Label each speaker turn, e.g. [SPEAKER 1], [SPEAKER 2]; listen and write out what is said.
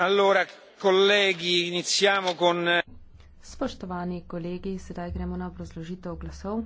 [SPEAKER 1] Eh,
[SPEAKER 2] spoštovani kolegi sedaj gremo na obrazložitev glasov.